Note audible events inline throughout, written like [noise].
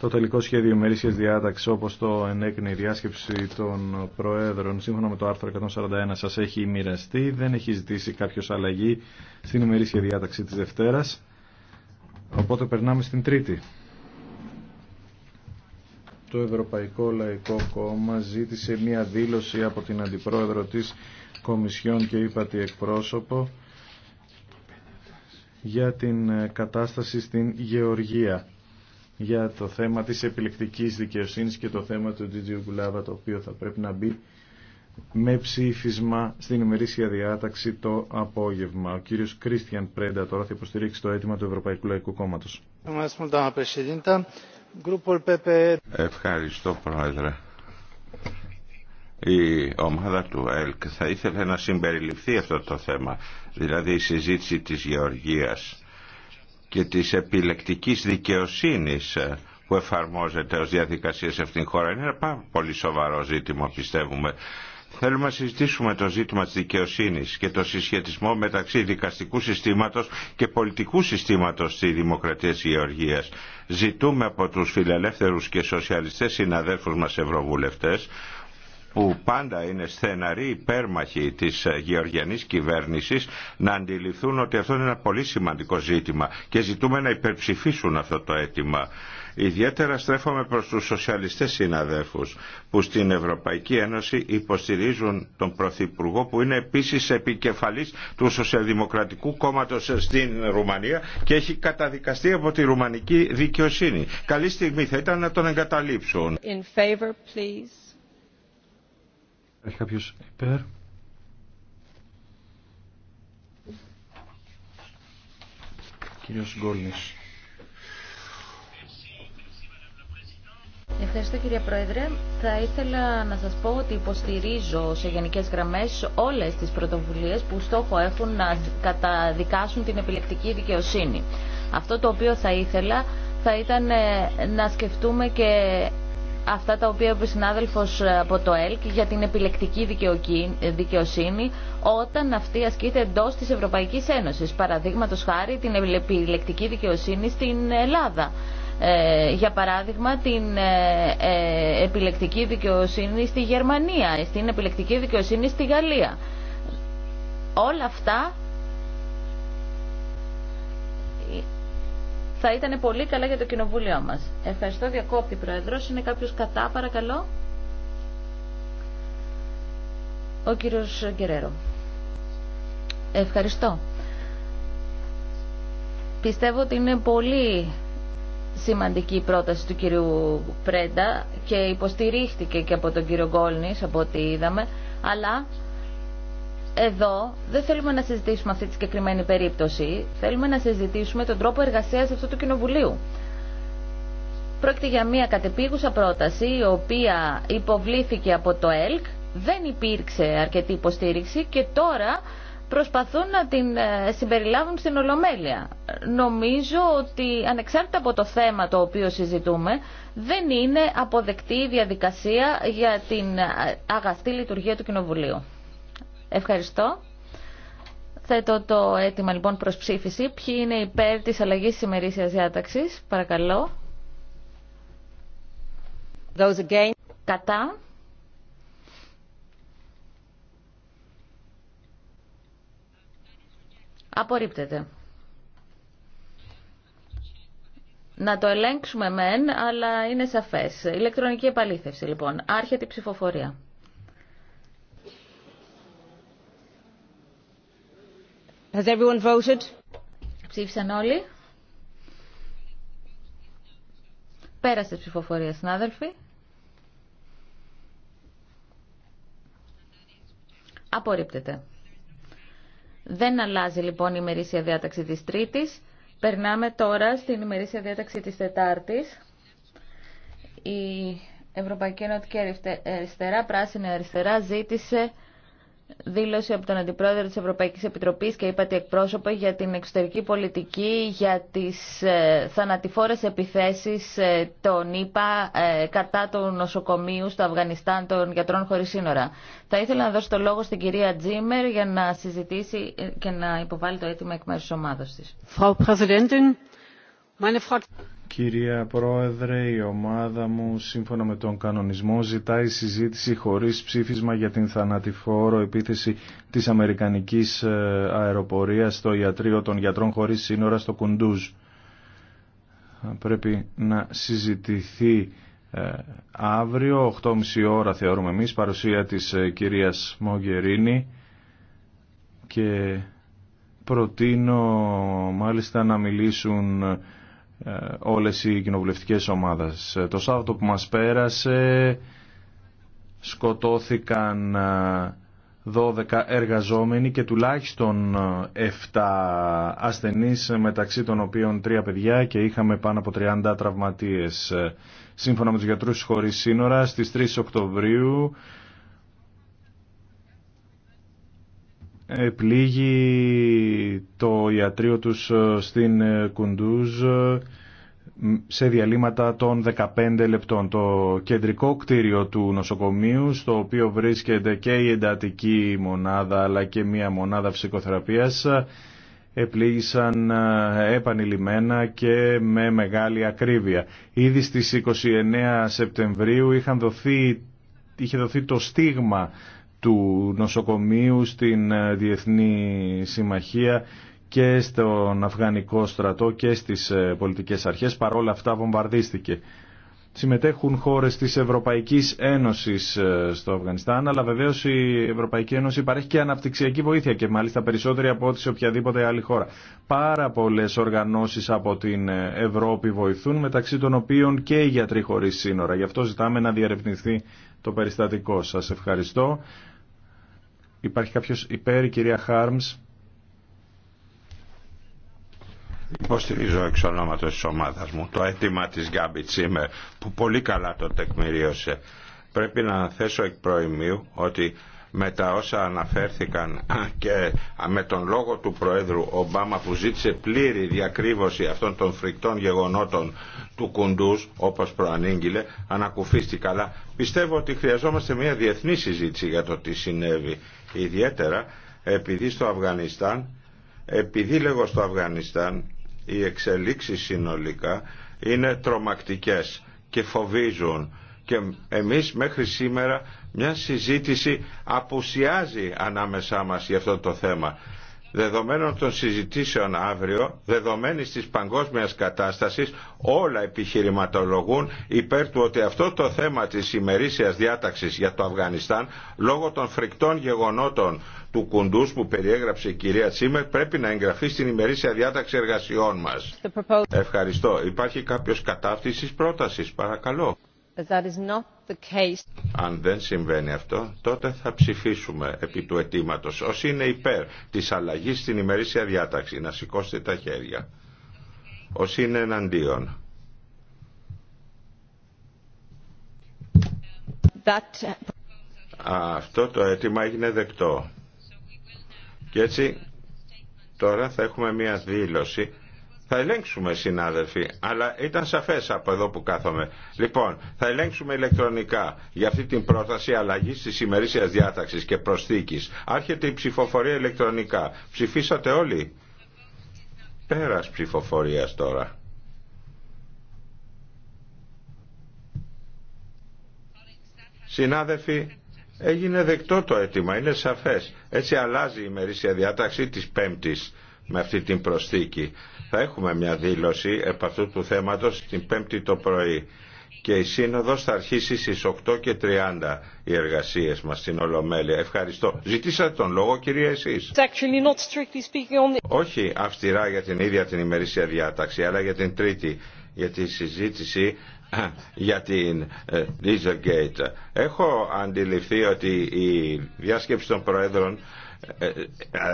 το τελικό σχέδιο ημερήσια διάταξη όπως το ενέκρινε η διάσκεψη των Προέδρων σύμφωνα με το άρθρο 141 σας έχει μοιραστεί. Δεν έχει ζητήσει κάποιο αλλαγή στην ημερήσια διάταξη της Δευτέρας. Οπότε περνάμε στην Τρίτη. Το Ευρωπαϊκό Λαϊκό Κόμμα ζήτησε μία δήλωση από την Αντιπρόεδρο της Κομισιόν και τη εκπρόσωπο για την κατάσταση στην Γεωργία για το θέμα της επιλεκτικής δικαιοσύνης και το θέμα του DJ Γκουλάβα, το οποίο θα πρέπει να μπει με ψήφισμα στην ημερήσια διάταξη το απόγευμα. Ο κύριος Κρίστιαν Πρέντα τώρα θα υποστηρίξει το αίτημα του Ευρωπαϊκού Λαϊκού Κόμματος. Ευχαριστώ Πρόεδρε. Η ομάδα του ΕΛΚ θα ήθελε να συμπεριληφθεί αυτό το θέμα, δηλαδή η συζήτηση της Γεωργίας και της επιλεκτικής δικαιοσύνης ε, που εφαρμόζεται ως διαδικασία σε αυτήν την χώρα. Είναι ένα πάρα πολύ σοβαρό ζήτημα πιστεύουμε. Θέλουμε να συζητήσουμε το ζήτημα της δικαιοσύνης και το συσχετισμό μεταξύ δικαστικού συστήματος και πολιτικού συστήματος στη Δημοκρατία της Γεωργίας. Ζητούμε από τους φιλελεύθερους και σοσιαλιστές συναδέλφους μας ευρωβουλευτές που πάντα είναι στεναροί υπέρμαχοι της ε, γεωργιανής κυβέρνησης να αντιληφθούν ότι αυτό είναι ένα πολύ σημαντικό ζήτημα και ζητούμε να υπερψηφίσουν αυτό το αίτημα. Ιδιαίτερα στρέφομαι προς τους σοσιαλιστές συναδέλφους που στην Ευρωπαϊκή Ένωση υποστηρίζουν τον Πρωθυπουργό που είναι επίσης επικεφαλής του Σοσιαλδημοκρατικού Κόμματος ε, στην Ρουμανία και έχει καταδικαστεί από τη ρουμανική δικαιοσύνη. Καλή στιγμή θα ήταν να τον εγκαταλείψουν. In favor, please. Έχει υπέρ. Ευχαριστώ κύριε Πρόεδρε. Θα ήθελα να σας πω ότι υποστηρίζω σε γενικές γραμμές όλες τις πρωτοβουλίες που στόχο έχουν να καταδικάσουν την επιλεκτική δικαιοσύνη. Αυτό το οποίο θα ήθελα θα ήταν ε, να σκεφτούμε και αυτά τα οποία είπε ο συνάδελφο ε, από το ΕΛΚ για την επιλεκτική ε, δικαιοσύνη όταν αυτή ασκείται εντό τη Ευρωπαϊκή Ένωση. Παραδείγματο χάρη την επιλεκτική δικαιοσύνη στην Ελλάδα. Ε, για παράδειγμα την επιλεκτική δικαιοσύνη στη Γερμανία, στην επιλεκτική δικαιοσύνη στη Γαλλία. Όλα αυτά θα ήταν πολύ καλά για το κοινοβούλιο μας. Ευχαριστώ διακόπτη Πρόεδρος. Είναι κάποιος κατά παρακαλώ. Ο κύριος Γκερέρο. Ευχαριστώ. Πιστεύω ότι είναι πολύ σημαντική η πρόταση του κυρίου Πρέντα και υποστηρίχθηκε και από τον κύριο Γκόλνης από ό,τι είδαμε, αλλά εδώ δεν θέλουμε να συζητήσουμε αυτή τη συγκεκριμένη περίπτωση. Θέλουμε να συζητήσουμε τον τρόπο εργασία αυτού του Κοινοβουλίου. Πρόκειται για μια κατεπίγουσα πρόταση η οποία υποβλήθηκε από το ΕΛΚ, δεν υπήρξε αρκετή υποστήριξη και τώρα προσπαθούν να την ε, συμπεριλάβουν στην Ολομέλεια. Νομίζω ότι ανεξάρτητα από το θέμα το οποίο συζητούμε, δεν είναι αποδεκτή η διαδικασία για την ε, αγαστή λειτουργία του Κοινοβουλίου. Ευχαριστώ. Θέτω το αίτημα λοιπόν προς ψήφιση. Ποιοι είναι υπέρ τη αλλαγή τη ημερήσια διάταξη, Παρακαλώ. Those again. Κατά. Απορρίπτεται. Να το ελέγξουμε μεν, αλλά είναι σαφές. Ηλεκτρονική επαλήθευση λοιπόν. Άρχεται η ψηφοφορία. Has everyone voted? Ψήφισαν όλοι. Πέρασε ψηφοφορία, συνάδελφοι. Απορρίπτεται. Δεν αλλάζει λοιπόν η ημερήσια διάταξη της Τρίτης. Περνάμε τώρα στην ημερήσια διάταξη της Τετάρτης. Η Ευρωπαϊκή Ενωτική Αριστερά, Πράσινη Αριστερά ζήτησε δήλωση από τον Αντιπρόεδρο της Ευρωπαϊκής Επιτροπής και τη εκπρόσωπο για την εξωτερική πολιτική για τις ε, θανατηφόρες επιθέσεις ε, ε, των ΗΠΑ κατά του νοσοκομείου στο Αφγανιστάν των γιατρών χωρίς σύνορα. Θα ήθελα να δώσω το λόγο στην κυρία Τζίμερ για να συζητήσει και να υποβάλει το αίτημα εκ μέρους της ομάδας της. Κυρία Πρόεδρε, η ομάδα μου σύμφωνα με τον κανονισμό ζητάει συζήτηση χωρίς ψήφισμα για την θανατηφόρο επίθεση της Αμερικανικής ε, αεροπορίας στο ιατρείο των γιατρών χωρίς σύνορα στο Κουντούζ. Πρέπει να συζητηθεί ε, αύριο, 8.30 ώρα θεωρούμε εμείς, παρουσία της ε, κυρίας Μογκερίνη και προτείνω μάλιστα να μιλήσουν ε, όλες οι κοινοβουλευτικές ομάδες. Ε, το Σάββατο που μας πέρασε σκοτώθηκαν 12 ε, εργαζόμενοι και τουλάχιστον 7 ασθενείς μεταξύ των οποίων 3 παιδιά και είχαμε πάνω από 30 τραυματίες. Σύμφωνα με τους γιατρούς χωρίς σύνορα στις 3 Οκτωβρίου επλήγει το ιατρείο τους ε, στην ε, Κουντούζ ε, σε διαλύματα των 15 λεπτών. Το κεντρικό κτίριο του νοσοκομείου, στο οποίο βρίσκεται και η εντατική μονάδα αλλά και μια μονάδα ψυχοθεραπείας, επλήγησαν επανειλημμένα και με μεγάλη ακρίβεια. Ήδη στις 29 Σεπτεμβρίου είχαν δοθεί, είχε δοθεί το στίγμα του νοσοκομείου στην ε, Διεθνή Συμμαχία και στον Αφγανικό στρατό και στις ε, πολιτικές αρχές. Παρόλα αυτά βομβαρδίστηκε. Συμμετέχουν χώρες της Ευρωπαϊκής Ένωσης ε, στο Αφγανιστάν, αλλά βεβαίως η Ευρωπαϊκή Ένωση παρέχει και αναπτυξιακή βοήθεια και μάλιστα περισσότερη από ό,τι σε οποιαδήποτε άλλη χώρα. Πάρα πολλές οργανώσεις από την Ευρώπη βοηθούν, μεταξύ των οποίων και οι γιατροί χωρίς σύνορα. Γι' αυτό ζητάμε να διαρευνηθεί το περιστατικό. Σας ευχαριστώ. Υπάρχει κάποιος υπέρ, η κυρία Χάρμς. Υποστηρίζω εξ ονόματος της ομάδας μου το αίτημα της Γκάμπι Τσίμερ που πολύ καλά το τεκμηρίωσε. Πρέπει να θέσω εκ προημίου ότι με τα όσα αναφέρθηκαν και με τον λόγο του Προέδρου Ομπάμα που ζήτησε πλήρη διακρύβωση αυτών των φρικτών γεγονότων του Κουντούς όπως προανήγγειλε ανακουφίστηκα αλλά πιστεύω ότι χρειαζόμαστε μια διεθνή συζήτηση για το τι συνέβη ιδιαίτερα επειδή στο Αφγανιστάν επειδή λέγω στο Αφγανιστάν οι εξελίξεις συνολικά είναι τρομακτικές και φοβίζουν και εμείς μέχρι σήμερα μια συζήτηση απουσιάζει ανάμεσά μας για αυτό το θέμα. Δεδομένων των συζητήσεων αύριο, δεδομένη της παγκόσμιας κατάστασης, όλα επιχειρηματολογούν υπέρ του ότι αυτό το θέμα της ημερήσιας διάταξης για το Αφγανιστάν, λόγω των φρικτών γεγονότων του κουντούς που περιέγραψε η κυρία Τσίμερ, πρέπει να εγγραφεί στην ημερήσια διάταξη εργασιών μας. Ευχαριστώ. Υπάρχει κάποιος κατάφτυσης πρότασης, παρακαλώ. Αν δεν συμβαίνει αυτό, τότε θα ψηφίσουμε επί του αιτήματο. Όσοι είναι υπέρ τη αλλαγή στην ημερήσια διάταξη, να σηκώσετε τα χέρια. Όσοι είναι εναντίον. Αυτό το αίτημα έγινε δεκτό. Και έτσι τώρα θα έχουμε μια δήλωση θα ελέγξουμε συνάδελφοι, αλλά ήταν σαφές από εδώ που κάθομαι. Λοιπόν, θα ελέγξουμε ηλεκτρονικά για αυτή την πρόταση αλλαγής της ημερήσιας διάταξης και προσθήκης. Άρχεται η ψηφοφορία ηλεκτρονικά. Ψηφίσατε όλοι. Πέρας ψηφοφορίας τώρα. Συνάδελφοι, έγινε δεκτό το αίτημα, είναι σαφές. Έτσι αλλάζει η ημερήσια διάταξη της Πέμπτης με αυτή την προσθήκη. Θα έχουμε μια δήλωση επ' αυτού του θέματος την Πέμπτη το πρωί και η Σύνοδος θα αρχίσει στις 8.30 οι εργασίες μας στην Ολομέλεια. Ευχαριστώ. Ζητήσατε τον λόγο κυρία εσείς. Όχι αυστηρά για την ίδια την ημερήσια διάταξη αλλά για την τρίτη για τη συζήτηση [clears throat] για την ε, Dieselgate. Έχω αντιληφθεί ότι η διάσκεψη των Προέδρων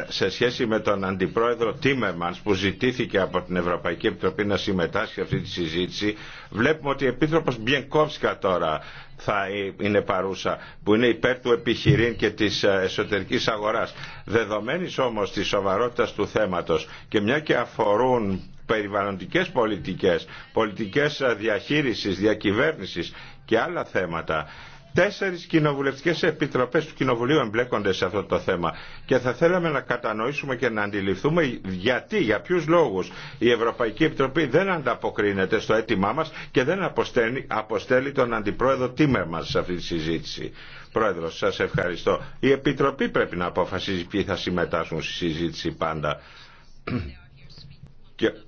σε σχέση με τον Αντιπρόεδρο Τίμερμανς που ζητήθηκε από την Ευρωπαϊκή Επιτροπή να συμμετάσχει σε αυτή τη συζήτηση βλέπουμε ότι η Επίτροπος Μπιενκόφσκα τώρα θα είναι παρούσα που είναι υπέρ του επιχειρήν και της ε, εσωτερικής αγοράς. Δεδομένης όμως της σοβαρότητας του θέματος και μια και αφορούν περιβαλλοντικές πολιτικές, πολιτικές ε, διαχείρισης, διακυβέρνησης και άλλα θέματα Τέσσερις κοινοβουλευτικές επιτροπές του Κοινοβουλίου εμπλέκονται σε αυτό το θέμα και θα θέλαμε να κατανοήσουμε και να αντιληφθούμε γιατί, για ποιους λόγους η Ευρωπαϊκή Επιτροπή δεν ανταποκρίνεται στο αίτημά μας και δεν αποστέλει, αποστέλει τον Αντιπρόεδρο Τίμερ μας σε αυτή τη συζήτηση. Πρόεδρο, σας ευχαριστώ. Η Επιτροπή πρέπει να αποφασίζει ποιοι θα συμμετάσχουν στη συζήτηση πάντα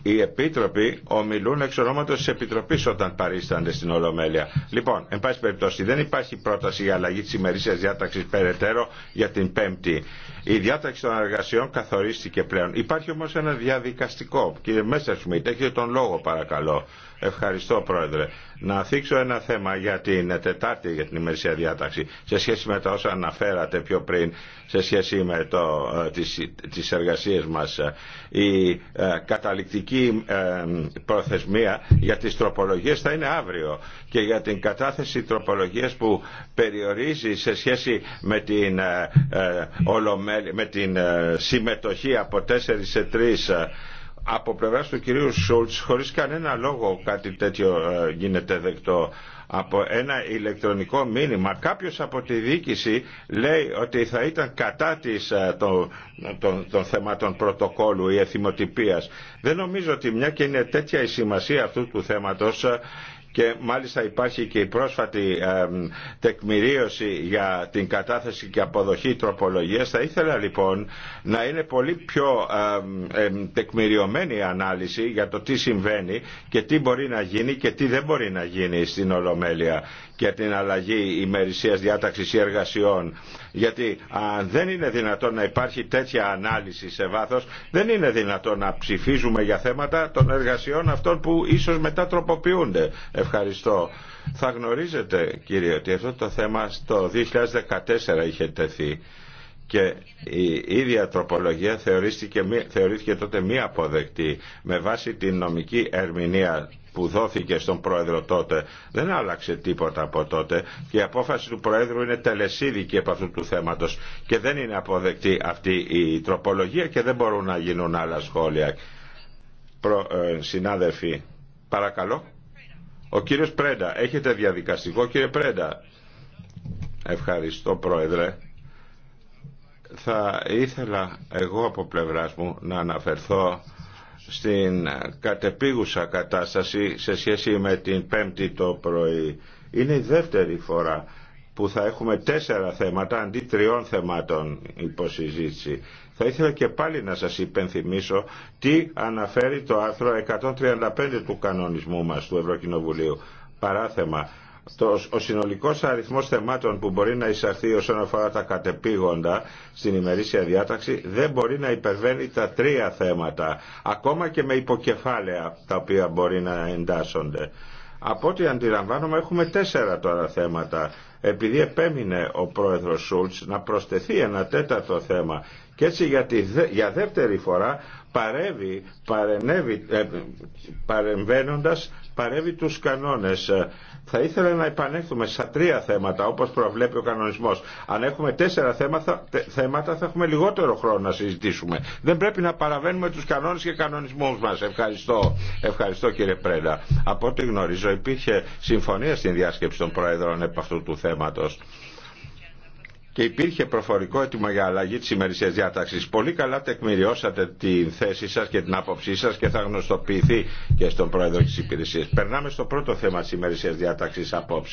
οι επίτροποι ομιλούν εξ ονόματο τη Επιτροπή όταν παρίστανται στην Ολομέλεια. Λοιπόν, εν πάση περιπτώσει, δεν υπάρχει πρόταση για αλλαγή τη ημερήσια διάταξη περαιτέρω για την Πέμπτη. Η διάταξη των εργασιών καθορίστηκε πλέον. Υπάρχει όμω ένα διαδικαστικό. Κύριε Σμιτ, έχετε τον λόγο παρακαλώ. Ευχαριστώ Πρόεδρε. Να θίξω ένα θέμα για την Τετάρτη για την ημερησία διάταξη σε σχέση με τα όσα αναφέρατε πιο πριν σε σχέση με το, ε, τις, τις εργασίες μας η ε, καταληκτική ε, προθεσμία για τις τροπολογίες θα είναι αύριο και για την κατάθεση τροπολογίες που περιορίζει σε σχέση με την, ε, με την συμμετοχή από 4 σε 3 από πλευρά του κυρίου Σούλτ χωρί κανένα λόγο κάτι τέτοιο ε, γίνεται δεκτό από ένα ηλεκτρονικό μήνυμα κάποιος από τη διοίκηση λέει ότι θα ήταν κατά της, ε, των, θεμάτων πρωτοκόλου ή εθιμοτυπίας. Δεν νομίζω ότι μια και είναι τέτοια η σημασία αυτού του θέματος ε, και μάλιστα υπάρχει και η πρόσφατη ε, τεκμηρίωση για την κατάθεση και αποδοχή τροπολογίας. Θα ήθελα λοιπόν να είναι πολύ πιο τεκμηριωμένη η ανάλυση για το τι συμβαίνει και τι μπορεί να γίνει και τι δεν μπορεί να γίνει στην και την αλλαγή ημερησίας διάταξης ή εργασιών. Γιατί αν δεν είναι δυνατόν να υπάρχει τέτοια ανάλυση σε βάθος, δεν είναι δυνατόν να ψηφίζουμε για θέματα των εργασιών αυτών που ίσως μετά τροποποιούνται. Ευχαριστώ. Θα γνωρίζετε κύριε ότι αυτό το θέμα στο 2014 είχε τεθεί και η ίδια τροπολογία θεωρήθηκε, τότε μη αποδεκτή με βάση την νομική ερμηνεία που δόθηκε στον πρόεδρο τότε δεν άλλαξε τίποτα από τότε και η απόφαση του πρόεδρου είναι τελεσίδικη από αυτού του θέματος και δεν είναι αποδεκτή αυτή η τροπολογία και δεν μπορούν να γίνουν άλλα σχόλια. Προ, ε, συνάδελφοι, παρακαλώ. Ο κύριος Πρέντα, έχετε διαδικαστικό κύριε Πρέντα. Ευχαριστώ πρόεδρε θα ήθελα εγώ από πλευράς μου να αναφερθώ στην κατεπίγουσα κατάσταση σε σχέση με την πέμπτη το πρωί. Είναι η δεύτερη φορά που θα έχουμε τέσσερα θέματα αντί τριών θεμάτων υποσυζήτηση. Θα ήθελα και πάλι να σας υπενθυμίσω τι αναφέρει το άρθρο 135 του κανονισμού μας του Ευρωκοινοβουλίου. Παράθεμα το, ο συνολικός αριθμός θεμάτων που μπορεί να εισαχθεί όσον αφορά τα κατεπήγοντα στην ημερήσια διάταξη δεν μπορεί να υπερβαίνει τα τρία θέματα, ακόμα και με υποκεφάλαια τα οποία μπορεί να εντάσσονται. Από ό,τι αντιλαμβάνομαι έχουμε τέσσερα τώρα θέματα. Επειδή επέμεινε ο πρόεδρος Σούλτς να προσθεθεί ένα τέταρτο θέμα και έτσι για, για δεύτερη φορά παρεύει, ε, παρεμβαίνοντας παρεύει τους κανόνες. Θα ήθελα να επανέλθουμε στα τρία θέματα όπως προβλέπει ο κανονισμός. Αν έχουμε τέσσερα θέματα, θέματα θα έχουμε λιγότερο χρόνο να συζητήσουμε. Δεν πρέπει να παραβαίνουμε τους κανόνες και κανονισμούς μας. Ευχαριστώ, Ευχαριστώ κύριε Πρέντα. Από ό,τι γνωρίζω υπήρχε συμφωνία στην διάσκεψη των Προεδρών επ' αυτού του θέματος και υπήρχε προφορικό έτοιμο για αλλαγή τη ημερησία διάταξη. Πολύ καλά τεκμηριώσατε τη θέση σα και την άποψή σα και θα γνωστοποιηθεί και στον πρόεδρο τη υπηρεσία. Περνάμε στο πρώτο θέμα τη ημερησία διάταξη απόψε.